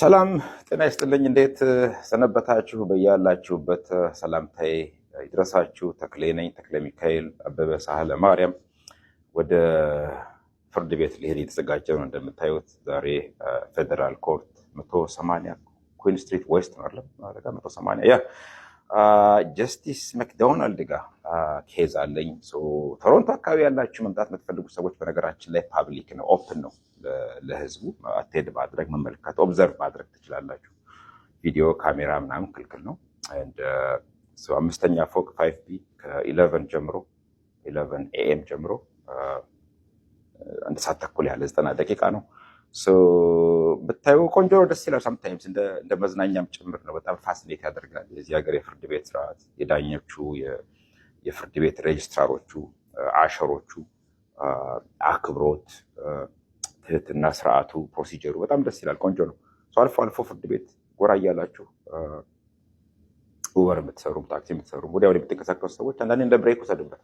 ሰላም ጤና ይስጥልኝ። እንዴት ሰነበታችሁ? በያላችሁበት ሰላምታዬ ይድረሳችሁ። ተክሌ ነኝ፣ ተክለ ሚካኤል አበበ ሳህለ ማርያም። ወደ ፍርድ ቤት ሊሄድ የተዘጋጀ ነው። እንደምታዩት ዛሬ ፌዴራል ኮርት መቶ ሰማንያ ኩዊን ስትሪት ዌስት ነው አለ መቶ ያ ጀስቲስ መክዶናልድ ጋር ኬዝ አለኝ። ቶሮንቶ አካባቢ ያላችሁ መምጣት የምትፈልጉ ሰዎች በነገራችን ላይ ፓብሊክ ነው፣ ኦፕን ነው ለህዝቡ። አቴንድ ማድረግ መመልከት፣ ኦብዘርቭ ማድረግ ትችላላችሁ። ቪዲዮ ካሜራ ምናምን ክልክል ነው። አምስተኛ ፎቅ ፋይቭ ቢ ከኢለቨን ጀምሮ ኢለቨን ኤኤም ጀምሮ አንድ ሰዓት ተኩል ያለ ዘጠና ደቂቃ ነው። ብታዩ ቆንጆ ደስ ይላል። ሳምታይምስ እንደ መዝናኛም ጭምር ነው። በጣም ፋሲኔት ያደርጋል። የዚህ ሀገር የፍርድ ቤት ስርዓት፣ የዳኞቹ፣ የፍርድ ቤት ሬጅስትራሮቹ፣ አሸሮቹ አክብሮት፣ ትህትና፣ ስርዓቱ፣ ፕሮሲጀሩ በጣም ደስ ይላል። ቆንጆ ነው። አልፎ አልፎ ፍርድ ቤት ጎራ እያላችሁ ኡበር የምትሰሩም ታክሲ የምትሰሩም ወዲያው የምትንቀሳቀሱ ሰዎች አንዳንዴ እንደ ብሬክ ውሰዱበት።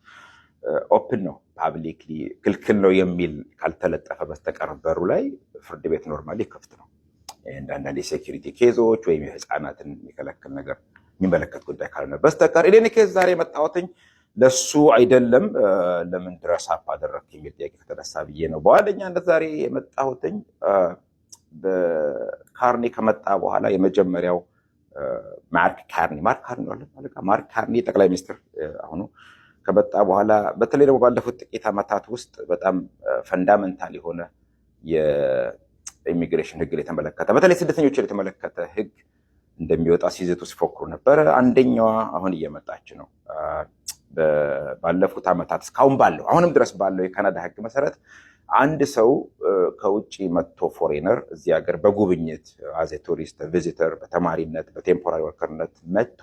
ኦፕን ነው ፓብሊክሊ ክልክል ነው የሚል ካልተለጠፈ በስተቀር በሩ ላይ ፍርድ ቤት ኖርማሊ ክፍት ነው። አንዳንድ የሴኪሪቲ ኬዞች ወይም የህፃናትን የሚከለክል ነገር የሚመለከት ጉዳይ ካልሆነ በስተቀር እኔ ኬዝ ዛሬ መጣወትኝ ለሱ አይደለም። ለምን ድረስ አፕ አደረግክ የሚል ጥያቄ ከተነሳ ብዬ ነው በዋነኛነት ዛሬ የመጣሁትኝ። ካርኒ ከመጣ በኋላ የመጀመሪያው ማርክ ካርኒ ማርክ ካርኒ ማርክ ካርኒ ጠቅላይ ሚኒስትር አሁኑ ከመጣ በኋላ በተለይ ደግሞ ባለፉት ጥቂት ዓመታት ውስጥ በጣም ፈንዳመንታል የሆነ የኢሚግሬሽን ህግ የተመለከተ በተለይ ስደተኞች የተመለከተ ህግ እንደሚወጣ ሲዘቱ ሲፎክሩ ነበረ አንደኛዋ አሁን እየመጣች ነው። ባለፉት ዓመታት እስካሁን ባለው አሁንም ድረስ ባለው የካናዳ ህግ መሰረት አንድ ሰው ከውጭ መጥቶ ፎሬነር እዚህ ሀገር በጉብኝት አዘ ቱሪስት ቪዚተር፣ በተማሪነት በቴምፖራሪ ወርከርነት መጥቶ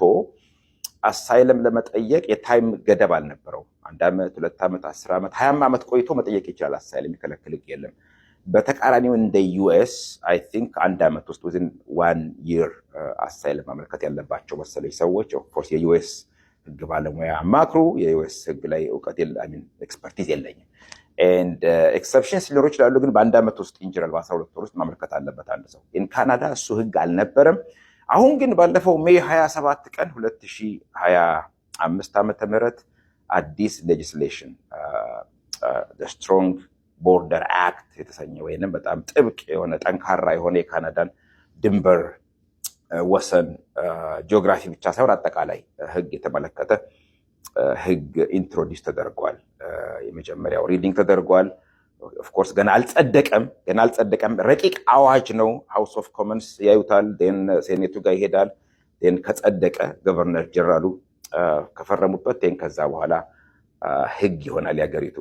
አሳይለም ለመጠየቅ የታይም ገደብ አልነበረው። አንድ ዓመት፣ ሁለት ዓመት፣ አስር ዓመት፣ ሀያም ዓመት ቆይቶ መጠየቅ ይችላል። አሳይለም የሚከለክል ህግ የለም። በተቃራኒው እንደ ዩኤስ አይ ቲንክ አንድ ዓመት ውስጥ ዊዝን ዋን ይር አሳይል ማመልከት ያለባቸው መሰለኝ ሰዎች ኦፍኮርስ የዩኤስ ህግ ባለሙያ አማክሩ። የዩኤስ ህግ ላይ እውቀት ኤክስፐርቲዝ የለኝም። ኤክሰፕሽን uh, ሊኖሩ ይችላሉ፣ ግን በአንድ ዓመት ውስጥ ኢንጀራል በአስራ ሁለት ወር ውስጥ ማመልከት አለበት አንድ ሰው። ኢን ካናዳ እሱ ህግ አልነበረም። አሁን ግን ባለፈው ሜይ 27 ቀን 2025 ዓመተ ምት አዲስ ሌጅስሌሽን ስትሮንግ uh, uh, ቦርደር አክት የተሰኘ ወይንም በጣም ጥብቅ የሆነ ጠንካራ የሆነ የካናዳን ድንበር ወሰን ጂኦግራፊ ብቻ ሳይሆን አጠቃላይ ህግ የተመለከተ ህግ ኢንትሮዲስ ተደርጓል። የመጀመሪያው ሪዲንግ ተደርጓል። ኦፍኮርስ ገና አልጸደቀም፣ ገና አልጸደቀም። ረቂቅ አዋጅ ነው። ሃውስ ኦፍ ኮመንስ ያዩታል፣ ን ሴኔቱ ጋር ይሄዳል። ን ከጸደቀ ገቨርነር ጀነራሉ ከፈረሙበት ን ከዛ በኋላ ህግ ይሆናል የሀገሪቱ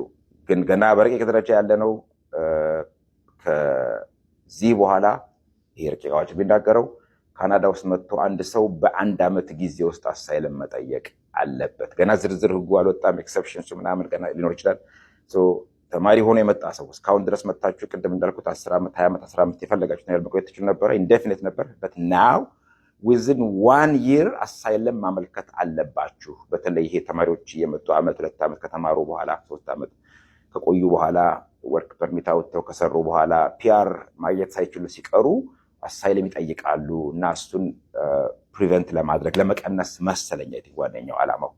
ግን ገና በረቂቅ ደረጃ ያለ ነው። ከዚህ በኋላ ይሄ ረቂቅ አዋጅ የሚናገረው ካናዳ ውስጥ መጥቶ አንድ ሰው በአንድ ዓመት ጊዜ ውስጥ አሳይለም መጠየቅ አለበት። ገና ዝርዝር ህጉ አልወጣም። ኤክሰፕሽንሱ ምናምን ገና ሊኖር ይችላል። ተማሪ ሆኖ የመጣ ሰው እስካሁን ድረስ መታችሁ ቅድም እንዳልኩት አስር ዓመት ሀያ ዓመት አስራ ዓመት የፈለጋችሁ ነገር መቆየት ትችሉ ነበረ። ኢንዴፊኒት ነበር በት ናው ዊዝን ዋን ይር አሳይለም ማመልከት አለባችሁ። በተለይ ይሄ ተማሪዎች እየመጡ ዓመት ሁለት ዓመት ከተማሩ በኋላ ሶስት ዓመት ከቆዩ በኋላ ወርክ ፐርሚት አውጥተው ከሰሩ በኋላ ፒአር ማግኘት ሳይችሉ ሲቀሩ አሳይለም ይጠይቃሉ እና እሱን ፕሪቨንት ለማድረግ ለመቀነስ መሰለኛ ዋነኛው ዓላማው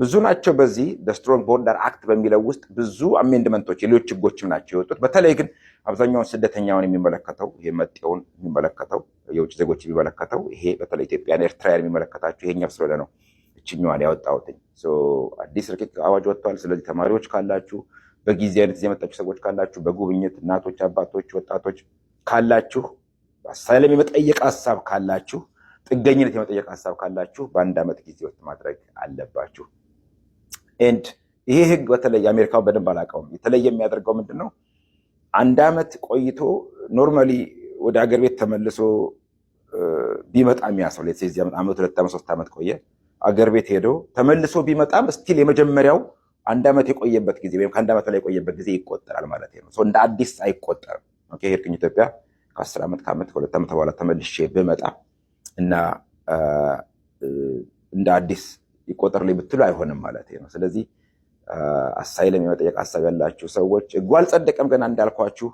ብዙ ናቸው። በዚህ ስትሮንግ ቦርደር አክት በሚለው ውስጥ ብዙ አሜንድመንቶች የሌሎች ህጎችም ናቸው የወጡት። በተለይ ግን አብዛኛውን ስደተኛውን የሚመለከተው ይሄ መጤውን የሚመለከተው የውጭ ዜጎች የሚመለከተው ይሄ በተለይ ኢትዮጵያን ኤርትራውያን የሚመለከታቸው ይሄኛው ስለሆነ ነው። እችኛዋን ያወጣሁትኝ አዲስ ረቂቅ አዋጅ ወጥቷል። ስለዚህ ተማሪዎች ካላችሁ በጊዜ አይነት የመጣችሁ ሰዎች ካላችሁ በጉብኝት እናቶች፣ አባቶች፣ ወጣቶች ካላችሁ አሳይለም የመጠየቅ ሀሳብ ካላችሁ ጥገኝነት የመጠየቅ ሀሳብ ካላችሁ በአንድ ዓመት ጊዜ ውስጥ ማድረግ አለባችሁ። ኤንድ ይሄ ህግ በተለይ አሜሪካውን በደንብ አላውቀውም። የተለየ የሚያደርገው ምንድን ነው? አንድ ዓመት ቆይቶ ኖርማሊ ወደ ሀገር ቤት ተመልሶ ቢመጣ የሚያሰው ሌት ዓመት ሁለት ዓመት ሶስት ዓመት ቆየ አገር ቤት ሄዶ ተመልሶ ቢመጣም ስቲል የመጀመሪያው አንድ ዓመት የቆየበት ጊዜ ወይም ከአንድ ዓመት ላይ የቆየበት ጊዜ ይቆጠራል ማለት ነው። እንደ አዲስ አይቆጠርም። ሄድኩኝ ኢትዮጵያ ከአስር ዓመት ከዓመት ከሁለት ዓመት በኋላ ተመልሼ ብመጣ እና እንደ አዲስ ይቆጠርልኝ ብትሉ አይሆንም ማለት ነው። ስለዚህ አሳይለም የመጠየቅ ሀሳብ ያላችሁ ሰዎች ሕጉ አልጸደቀም ገና እንዳልኳችሁ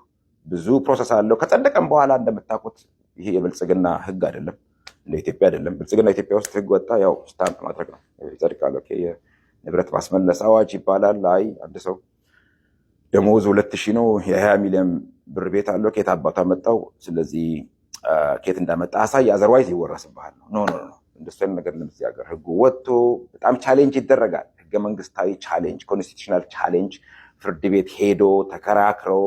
ብዙ ፕሮሰስ አለው። ከጸደቀም በኋላ እንደምታውቁት ይሄ የብልጽግና ህግ አይደለም ለኢትዮጵያ አይደለም። ብልጽግና ኢትዮጵያ ውስጥ ህግ ወጣ፣ ያው ስታምፕ ማድረግ ነው ይጸድቃል። የንብረት ማስመለስ አዋጅ ይባላል። አይ አንድ ሰው ደሞዝ ሁለት ሺህ ነው የሀያ ሚሊዮን ብር ቤት አለው። ኬት አባቷ መጣው። ስለዚህ ኬት እንዳመጣ አሳይ፣ አዘርዋይዝ ይወረስብሃል ነው። ኖ ኖ እንደሱ አይነት ነገር ለምስ ሀገር ህጉ ወጥቶ በጣም ቻሌንጅ ይደረጋል። ህገ መንግስታዊ ቻሌንጅ፣ ኮንስቲቱሽናል ቻሌንጅ፣ ፍርድ ቤት ሄዶ ተከራክረው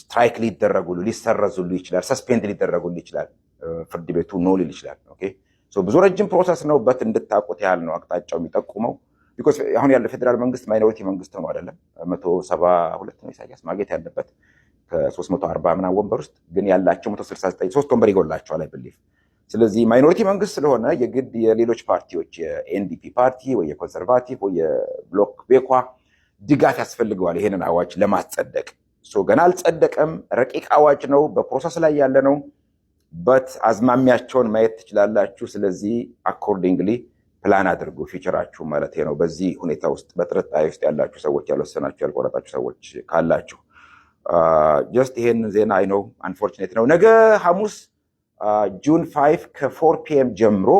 ስትራይክ ሊደረጉሉ ሊሰረዙሉ ይችላል። ሰስፔንድ ሊደረጉሉ ይችላል። ፍርድ ቤቱ ኖ ሊል ይችላል። ብዙ ረጅም ፕሮሰስ ነው። በት እንድታቁት ያህል ነው አቅጣጫው የሚጠቁመው። ቢኮዝ አሁን ያለ ፌዴራል መንግስት ማይኖሪቲ መንግስት ሆኖ አይደለም። መቶ ሰባ ሁለት ነው ኢሳያስ ማግኘት ያለበት ከሶስት መቶ አርባ ምናምን ወንበር ውስጥ ግን ያላቸው መቶ ስልሳ ዘጠኝ ሶስት ወንበር ይጎላቸዋል አይ ብሊቭ። ስለዚህ ማይኖሪቲ መንግስት ስለሆነ የግድ የሌሎች ፓርቲዎች የኤንዲፒ ፓርቲ ወይ የኮንሰርቫቲቭ ወይ የብሎክ ቤኳ ድጋፍ ያስፈልገዋል ይሄንን አዋጅ ለማስጸደቅ ገና አልጸደቀም። ረቂቅ አዋጅ ነው፣ በፕሮሰስ ላይ ያለ ነው። በት አዝማሚያቸውን ማየት ትችላላችሁ። ስለዚህ አኮርዲንግሊ ፕላን አድርጉ ፊውቸራችሁ ማለት ነው። በዚህ ሁኔታ ውስጥ በጥርጣሬ ውስጥ ያላችሁ ሰዎች፣ ያልወሰናችሁ ያልቆረጣችሁ ሰዎች ካላችሁ ጀስት ይሄን ዜና አይ ነው አንፎርችኔት ነው። ነገ ሐሙስ ጁን ፋይቭ ከፎር ፒኤም ጀምሮ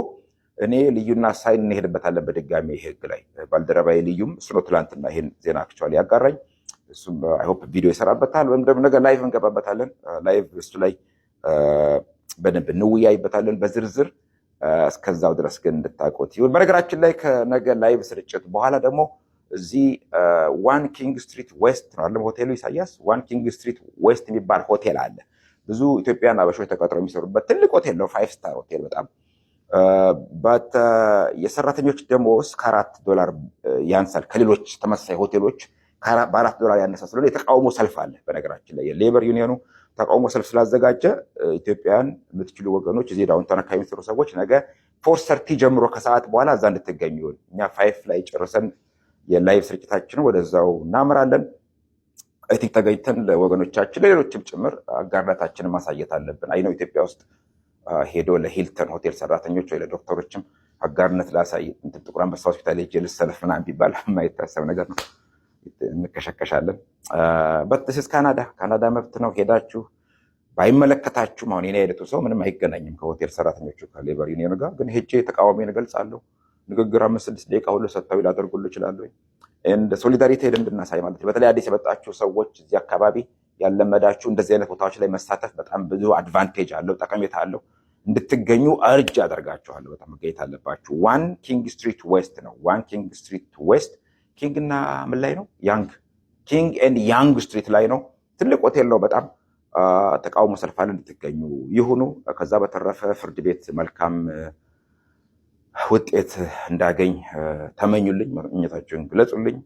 እኔ ልዩና ሳይን እንሄድበታለን በድጋሚ ይሄ ህግ ላይ ባልደረባዬ ልዩም እሱ ነው ትላንትና ይሄን ዜና አክቹዋሊ ያጋራኝ እሱም ቪዲዮ ይሰራበታል ወይም ደግሞ ነገር ላይቭ እንገባበታለን። ላይቭ uh, እሱ ላይ uh, በደንብ እንውያይበታለን በዝርዝር። uh, እስከዛው ድረስ ግን እንድታቆት ይሁን። በነገራችን ላይ ከነገ ላይቭ ስርጭት በኋላ ደግሞ እዚህ ዋን ኪንግ ስትሪት ዌስት ነው አለም ሆቴሉ ኢሳያስ፣ ዋን ኪንግ ስትሪት ዌስት የሚባል ሆቴል አለ። ብዙ ኢትዮጵያን አበሾች ተቀጥረው የሚሰሩበት ትልቅ ሆቴል ነው። ፋይቭ ስታር ሆቴል በጣም የሰራተኞች ደሞዝ ከአራት ዶላር ያንሳል ከሌሎች ተመሳሳይ ሆቴሎች በአራት ዶላር ያነሳ ስለሆነ የተቃውሞ ሰልፍ አለ። በነገራችን ላይ የሌበር ዩኒየኑ ተቃውሞ ሰልፍ ስላዘጋጀ ኢትዮጵያን የምትችሉ ወገኖች እዚህ ዳውንታን አካባቢ የሚሰሩ ሰዎች ነገ ፎር ሰርቲ ጀምሮ ከሰዓት በኋላ እዛ እንድትገኙ ይሁን። እኛ ፋይፍ ላይ ጨርሰን የላይቭ ስርጭታችንን ወደዛው እናምራለን። አይቲንክ ተገኝተን ለወገኖቻችን ለሌሎችም ጭምር አጋርነታችንን ማሳየት አለብን። አይ ነው ኢትዮጵያ ውስጥ ሄዶ ለሂልተን ሆቴል ሰራተኞች ወይ ለዶክተሮችም አጋርነት ላሳይ። ጥቁር አንበሳ ሆስፒታል ሄጄ ልሰለፍ ምናምን ቢባል የማይታሰብ ነገር ነው። እንቀሸቀሻለን። በትስስ ካናዳ ካናዳ መብት ነው። ሄዳችሁ ባይመለከታችሁም አሁን የኔ አይነቱ ሰው ምንም አይገናኝም ከሆቴል ሰራተኞቹ ከሌበር ዩኒየን ጋር ግን ሄጄ ተቃዋሚን እገልጻለሁ። ንግግር አምስት ስድስት ደቂቃ ሁሉ ሰጥተው ላደርጉሉ ይችላሉ። እንደ ሶሊዳሪቲ እንድናሳይ ማለት በተለይ አዲስ የመጣችሁ ሰዎች እዚህ አካባቢ ያለመዳችሁ እንደዚህ አይነት ቦታዎች ላይ መሳተፍ በጣም ብዙ አድቫንቴጅ አለው፣ ጠቀሜታ አለው። እንድትገኙ እርጅ አደርጋችኋለሁ። በጣም መገኘት አለባችሁ። ዋን ኪንግ ስትሪት ዌስት ነው። ዋን ኪንግ ስትሪት ዌስት ኪንግ እና ምን ላይ ነው? ያንግ ኪንግ ኤንድ ያንግ ስትሪት ላይ ነው። ትልቅ ሆቴል ነው። በጣም ተቃውሞ ሰልፋል እንድትገኙ ይሁኑ። ከዛ በተረፈ ፍርድ ቤት መልካም ውጤት እንዳገኝ ተመኙልኝ፣ መመኘታችሁን ግለጹልኝ።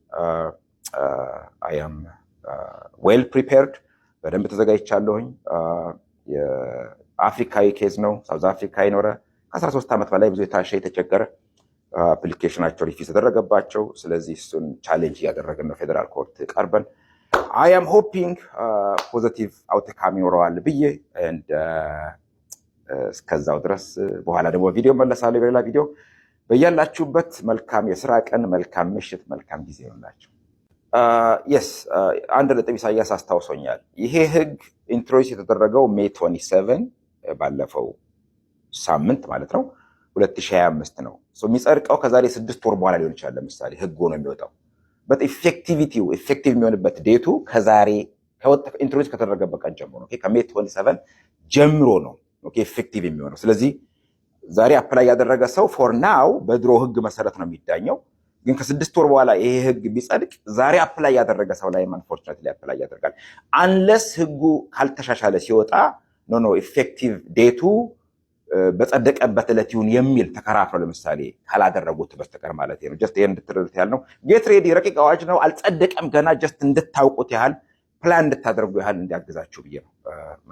አያም ዌል ፕሪፔርድ በደንብ ተዘጋጅቻለሁኝ። የአፍሪካዊ ኬዝ ነው። ሳውዝ አፍሪካ የኖረ ከ13 ዓመት በላይ ብዙ የታሸ የተቸገረ አፕሊኬሽናቸው ሪፊዝ ተደረገባቸው። ስለዚህ እሱን ቻሌንጅ እያደረግን ነው ፌዴራል ኮርት ቀርበን አይ አም ሆፒንግ ፖዘቲቭ አውትካም ይኖረዋል ብዬ uh, እስከዛው ድረስ በኋላ ደግሞ ቪዲዮ መለሳለሁ። በሌላ ቪዲዮ በያላችሁበት መልካም የስራ ቀን፣ መልካም ምሽት፣ መልካም ጊዜ ይሆንላችሁ። የስ uh, uh, አንድ ነጥብ ኢሳያስ አስታውሶኛል። ይሄ ህግ ኢንትሮዲስ የተደረገው ሜይ 27 ባለፈው ሳምንት ማለት ነው። 2025 ነው የሚጸድቀው። ከዛሬ ስድስት ወር በኋላ ሊሆን ይችላል። ለምሳሌ ህግ ሆኖ የሚወጣው በት ኢፌክቲቪቲው ኢፌክቲቭ የሚሆንበት ዴቱ ከዛሬ ኢንትሮዲስ ከተደረገበት ቀን ጀምሮ ነው። ከሜ 27 ጀምሮ ነው ኢፌክቲቭ የሚሆነው። ስለዚህ ዛሬ አፕላይ ያደረገ ሰው ፎር ናው በድሮ ህግ መሰረት ነው የሚዳኘው። ግን ከስድስት ወር በኋላ ይሄ ህግ ቢጸድቅ ዛሬ አፕላይ ያደረገ ሰው ላይ ላይ አፕላይ ያደርጋል። አንለስ ህጉ ካልተሻሻለ ሲወጣ ኖ ኖ ኢፌክቲቭ ዴቱ በጸደቀበት ዕለት ይሁን የሚል ተከራክረው ለምሳሌ ካላደረጉት በስተቀር ማለት ነው። ጀስት ይሄን እንድትረዱት ያህል ነው። ጌት ሬዲ ረቂቅ አዋጅ ነው፣ አልጸደቀም ገና። ጀስት እንድታውቁት ያህል ፕላን እንድታደርጉ ያህል እንዲያግዛችሁ ብዬ ነው።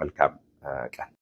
መልካም ቀን